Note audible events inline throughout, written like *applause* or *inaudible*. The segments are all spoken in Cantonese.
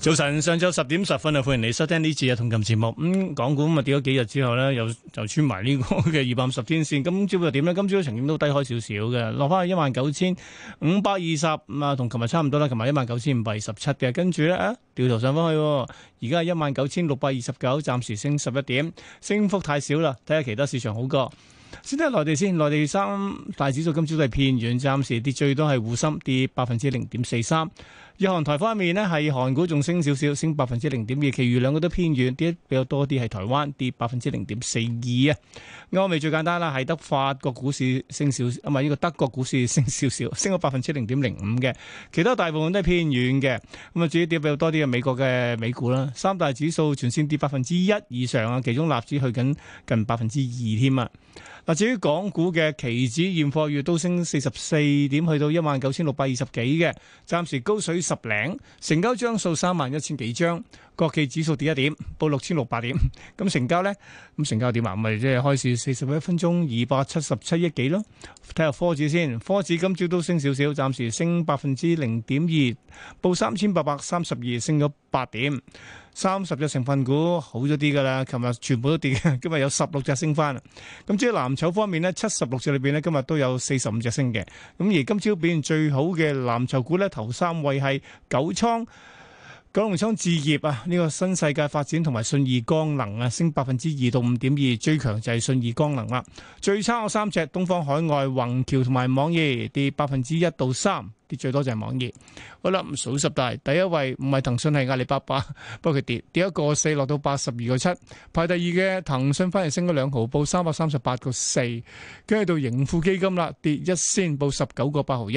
早晨，上晝十點十分啊，歡迎你收聽呢次嘅同琴節目。咁、嗯、港股咁咪跌咗幾日之後呢，又就穿埋呢、這個嘅二百五十天線。咁朝早點呢？今朝早成點都低開少少嘅，落翻去一萬九千五百二十啊，同琴日差唔多啦。琴日一萬九千五百二十七嘅，跟住呢，啊，調頭上翻去。而家係一萬九千六百二十九，暫時升十一點，升幅太少啦。睇下其他市場好過。先睇下內地先，內地三大指數今朝都係偏軟，暫時跌，最多係滬深，跌百分之零點四三。日韓台方面呢係韓股仲升少少，升百分之零點二，其餘兩個都偏軟，跌比較多啲係台灣，跌百分之零點四二啊。歐美最簡單啦，係得法國股市升少，唔係呢個德國股市升少少，升咗百分之零點零五嘅，其他大部分都係偏軟嘅。咁啊，至於跌比較多啲係美國嘅美股啦。三大指數全線跌百分之一以上啊，其中納指去緊近百分之二添啊。嗱，至於港股嘅期指現貨月都升四十四點，去到一萬九千六百二十幾嘅，暫時高水。十零成交張數三萬一千幾張。國企指數跌一點，報六千六百點。咁成交咧，咁成交點啊？咁咪即係開市四十一分鐘二百七十七億幾咯。睇下科指先，科指今朝都升少少，暫時升百分之零點二，報三千八百三十二，升咗八點。三十隻成分股好咗啲噶啦，琴日全部都跌，今日有十六隻升翻。咁至於藍籌方面咧，七十六隻裏邊咧，今日都有四十五隻升嘅。咁而今朝表現最好嘅藍籌股咧，頭三位係九倉。九龍倉置業啊，呢、這個新世界發展同埋信義光能啊，升百分之二到五點二，最強就係信義光能啦。最差嗰三隻，東方海外、宏橋同埋網易跌百分之一到三，跌最多就係網易。好啦，數十大，第一位唔係騰訊，係阿里巴巴，不過佢跌跌一個四，落到八十二個七。排第二嘅騰訊，反而升咗兩毫，報三百三十八個四。跟住到盈富基金啦，跌一仙，報十九個八毫一。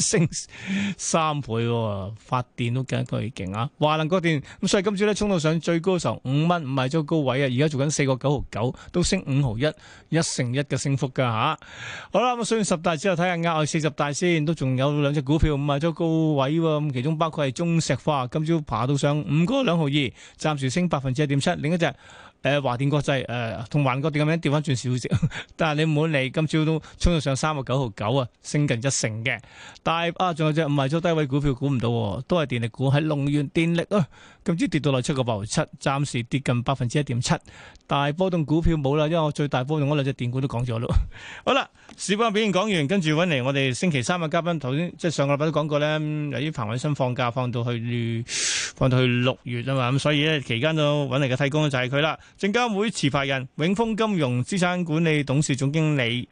升三倍，啊，發電都更加勁啊！華能國電咁，所以今朝咧衝到上最高嘅時候五蚊五萬咗高位啊，而家做緊四個九毫九，都升五毫一，一成一嘅升幅噶，啊、吓。好啦，咁所以十大之後睇下額外四十大先，都仲有兩隻股票五萬咗高位，啊，咁其中包括係中石化，今朝爬到上五個兩毫二，暫時升百分之一點七。另一隻。誒，華、呃、電國際誒，同、呃、華國電咁樣掉翻轉少少，但係你唔好理，今朝都衝到上三個九毫九啊，升近一成嘅。但係啊，仲有隻唔賣咗低位股票，估唔到、哦，都係電力股，喺龍源電力啊，今朝跌到落七個八毫七，暫時跌近百分之一點七。大波動股票冇啦，因為我最大波動嗰兩隻電股都講咗咯。好啦，市況表現講完，跟住搵嚟我哋星期三嘅嘉賓，頭先即係上個禮拜都講過咧，由於彭偉新放假放到去放到去六月啊嘛，咁所以咧期間都搵嚟嘅替工就係佢啦。證監會持牌人永豐金融資產管理董事總經理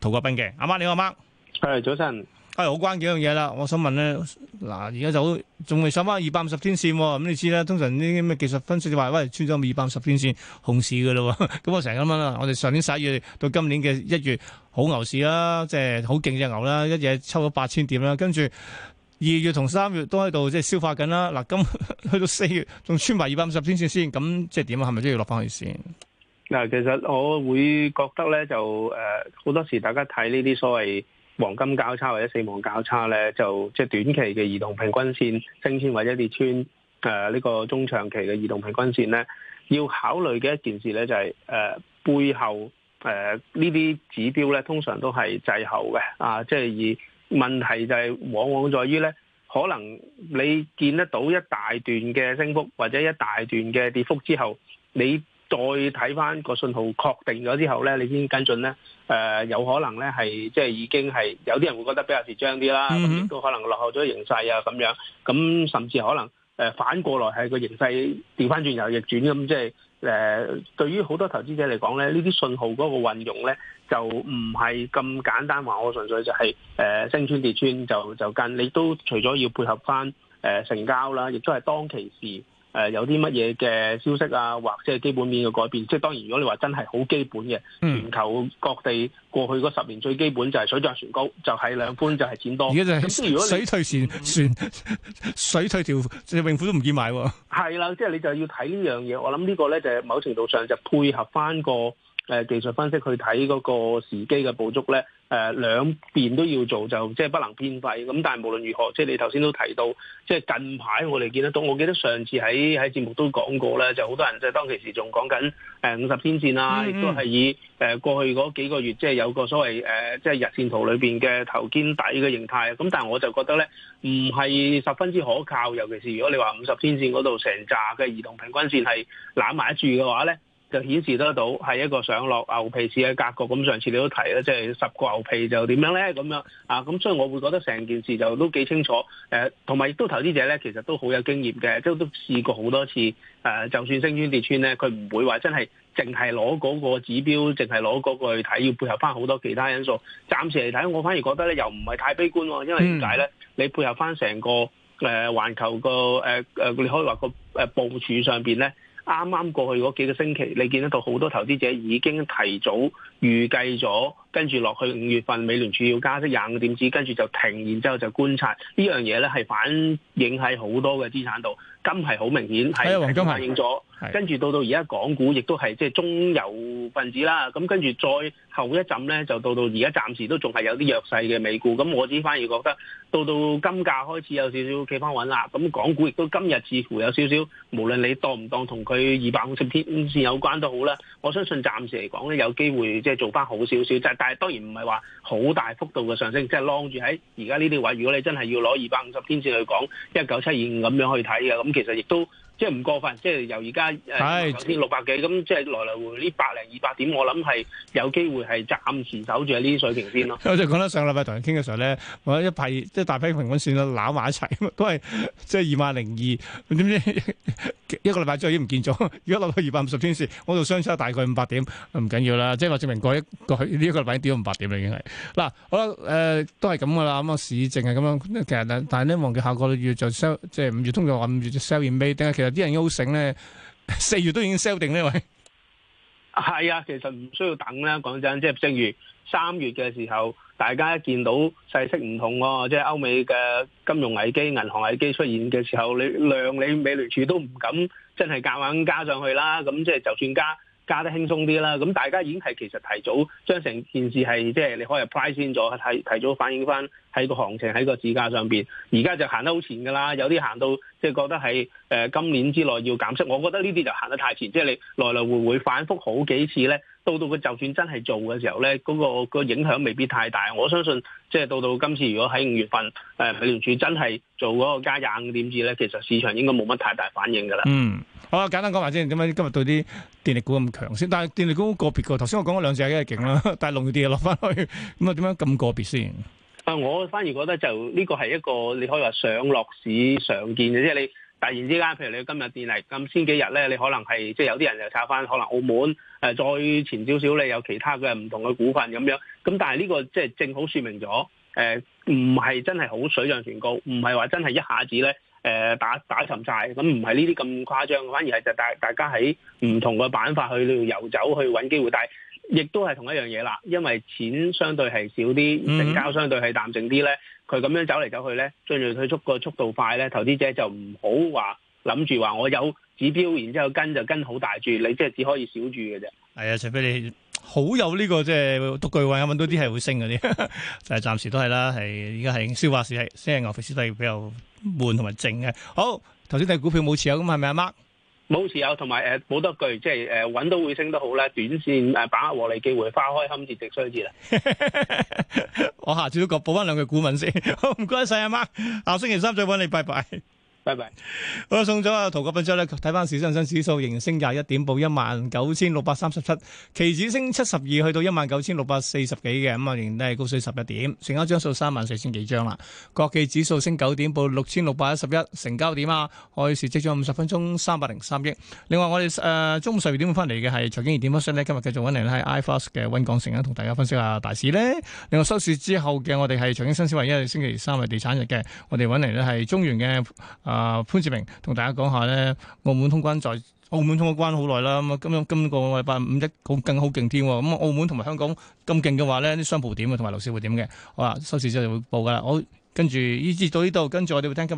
涂國彬嘅，阿媽你好。阿媽係早晨上，係好、哎、關幾樣嘢啦，我想問咧，嗱而家就仲未上翻二百五十天線，咁你知啦，通常呢啲咩技術分析就話喂穿咗二百五十天線熊市噶啦、哦，咁我成日咁樣啦，我哋上年十一月到今年嘅一月好牛市啦，即係好勁隻牛啦，一嘢抽咗八千點啦，跟住。二月同三月都喺度即係消化緊啦，嗱咁去到四月仲穿埋二百五十天綫先，咁即係點啊？係咪都要落翻去先？嗱，其實我會覺得咧，就誒好、呃、多時大家睇呢啲所謂黃金交叉或者死亡交叉咧，就即係短期嘅移動平均綫升穿或者跌穿誒呢、呃這個中長期嘅移動平均綫咧，要考慮嘅一件事咧就係、是、誒、呃、背後誒呢啲指標咧通常都係滯後嘅啊，即係以。問題就係往往在於咧，可能你見得到一大段嘅升幅或者一大段嘅跌幅之後，你再睇翻個信號確定咗之後咧，你先跟進咧，誒、呃、有可能咧係即係已經係有啲人會覺得比較遲張啲啦，亦都可能落後咗形勢啊咁樣，咁甚至可能。誒反過來係個形勢調返轉又逆轉咁，即係誒對於好多投資者嚟講咧，呢啲信號嗰個運用咧就唔係咁簡單話，我純粹就係、是、誒、呃、升穿跌穿就就近，你都除咗要配合返誒、呃、成交啦，亦都係當其時。誒、呃、有啲乜嘢嘅消息啊，或者係基本面嘅改變，即係當然如果你話真係好基本嘅，嗯、全球各地過去嗰十年最基本就係水漲船高，就係、是、兩寬，就係錢多。而家就係水，水退船船、嗯，水退條水泳褲都唔見買喎、啊。係啦，即係你就要睇呢樣嘢。我諗呢個咧就係某程度上就配合返個。誒、呃、技術分析去睇嗰個時機嘅捕捉咧，誒、呃、兩邊都要做就，就即係不能偏廢。咁、嗯、但係無論如何，即係你頭先都提到，即係近排我哋見得到，我記得上次喺喺節目都講過咧，就好多人即係當其時仲講緊誒五十天線啊，亦都係以誒、呃、過去嗰幾個月即係有個所謂誒、呃、即係日線圖裏邊嘅頭肩底嘅形態。咁、嗯、但係我就覺得咧，唔係十分之可靠，尤其是如果你話五十天線嗰度成扎嘅移動平均線係攬埋一住嘅話咧。就顯示得到係一個上落牛皮市嘅格局。咁上次你都提咧，即係十個牛皮就點樣咧咁樣啊？咁所以我會覺得成件事就都幾清楚。誒、呃，同埋亦都投資者咧，其實都好有經驗嘅，都都試過好多次。誒、呃，就算升穿跌穿咧，佢唔會話真係淨係攞嗰個指標，淨係攞嗰個去睇，要配合翻好多其他因素。暫時嚟睇，我反而覺得咧，又唔係太悲觀喎。因為點解咧？嗯、你配合翻成個誒環、呃、球個誒誒，你可以話個誒部署上邊咧？啱啱過去嗰幾個星期，你見得到好多投資者已經提早預計咗，跟住落去五月份美聯儲要加息廿五個點子，跟住就停，然之後就觀察呢樣嘢咧，係反映喺好多嘅資產度，今係好明顯係反映咗。是跟住到到而家港股亦都係即係中游份子啦，咁跟住再後一陣咧，就到到而家暫時都仲係有啲弱勢嘅美股，咁我自己反而覺得到到金價開始有少少企翻穩啦，咁港股亦都今日似乎有少少，無論你當唔當同佢二百五十天線有關都好啦，我相信暫時嚟講咧有機會即係做翻好少少，即係但係當然唔係話好大幅度嘅上升，即係晾住喺而家呢啲位，如果你真係要攞二百五十天線去講一九七二五咁樣去睇嘅，咁其實亦都。即係唔過分，即係由而家頭六百幾咁，即係來來回呢百零二百點，我諗係有機會係暫時守住喺呢啲水平先咯。我就講得上個禮拜同人傾嘅時候咧，我一排即係大批平均線攬埋一齊，都係即係二萬零二。點知一個禮拜之後已經唔見咗，如果落到二百五十天線，我度相差大概五百點，唔緊要啦。即係話證明過一個呢一個禮拜跌咗五百點啦，已經係嗱，好、呃、啦，誒都係咁噶啦，咁啊市淨係咁樣。其實但係咧，望下個月就 sell，即係五月通常話五月 sell 有啲人優醒咧，四月都已經 sell 定呢位。係啊，其實唔需要等啦。講真，即係正如三月嘅時候，大家一見到勢色唔同喎，即係歐美嘅金融危機、銀行危機出現嘅時候，你量你美聯儲都唔敢真係夾硬硬加上去啦。咁即係就算加。加得輕鬆啲啦，咁大家已經係其實提早將成件事係即係你可以 price 先咗，提提早反映翻喺個行情、喺個指價上邊，而家就行得好前㗎啦，有啲行到即係覺得係誒今年之內要減息，我覺得呢啲就行得太前，即係你來來回回反覆好幾次咧。到到佢就算真係做嘅時候咧，嗰、那個那個影響未必太大。我相信，即係到到今次，如果喺五月份，誒、啊、美聯儲真係做嗰個加廿五點子，點知咧，其實市場應該冇乜太大反應㗎啦。嗯，好啊，簡單講埋先，點解今日對啲電力股咁強先？但係電力股個別個，頭先我講咗兩隻嘢勁啦，但係攞啲嘢落翻去，咁啊點樣咁個別先？啊，我反而覺得就呢個係一個你可以話上落市常見嘅，即係你。突然之間，譬如你今日電嚟咁先幾日咧，你可能係即係有啲人又炒返可能澳門，誒、呃、再前少少你有其他嘅唔同嘅股份咁樣，咁但係呢、這個即係正好説明咗，誒唔係真係好水漲船高，唔係話真係一下子咧誒、呃、打打沉晒。咁唔係呢啲咁誇張，反而係就大大家喺唔同嘅板塊去遊走去揾機會，但係。亦都係同一樣嘢啦，因為錢相對係少啲，嗯、成交相對係淡靜啲咧，佢咁樣走嚟走去咧，進進退速個速度快咧，投資者就唔好話諗住話我有指標，然之後跟就跟好大住，你即係只可以少住嘅啫。係啊、哎，除非你好有呢、這個即係讀句話，揾到啲係會升嗰啲，就係暫時都係啦。係而家係消化市，係先係牛皮市，都係比較悶同埋靜嘅。好，頭先睇股票冇持有，咁係咪阿、啊、Mark？冇持有，同埋誒好多句，即係誒揾到會升得好咧，短線誒把握獲利機會，花開堪折直須折啦。 *laughs* *laughs* *laughs* 我下次都講補翻兩句古文先，好唔該晒阿媽，下星期三再揾你，拜拜。拜拜。好啦，送咗啊！涂國彬分析咧，睇翻市恒生指數仍然升廿一點，報一萬九千六百三十七，期指升七十二，去到一萬九千六百四十幾嘅，咁啊仍然都係高水十一點，成交張數三萬四千幾張啦。國企指數升九點，報六千六百一十一，成交點啊？我哋市值咗五十分鐘三百零三億。另外，我哋誒中午十二點翻嚟嘅係財經熱點分析咧，今日繼續揾嚟咧係 i f i s 嘅溫港城啊，同大家分享下大市呢。另外收市之後嘅我哋係財經新思維，因為星期三係地產日嘅，我哋揾嚟呢係中原嘅啊潘志明，同大家講下咧，澳門通關在澳門通咗關好耐啦，咁樣今個禮拜五一好更好勁添，咁、嗯、澳門同埋香港咁勁嘅話咧，啲商鋪點啊同埋樓市會點嘅，好啦，收市之後就會報噶，好，跟住呢節到呢度，跟住我哋會聽今。